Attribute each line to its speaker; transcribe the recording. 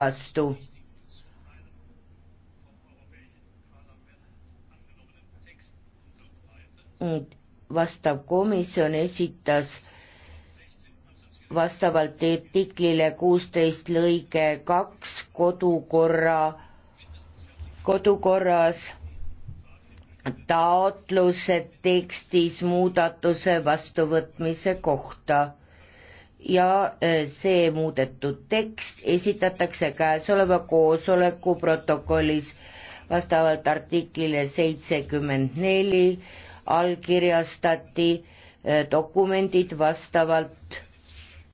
Speaker 1: vastu. vastav komisjon esitas vastavalt artiklile kuusteist lõige kaks kodukorra, kodukorras taotluse tekstis muudatuse vastuvõtmise kohta ja äh, see muudetud tekst esitatakse käesoleva koosoleku protokollis vastavalt artiklile seitsekümmend neli allkirjastati äh, dokumendid
Speaker 2: vastavalt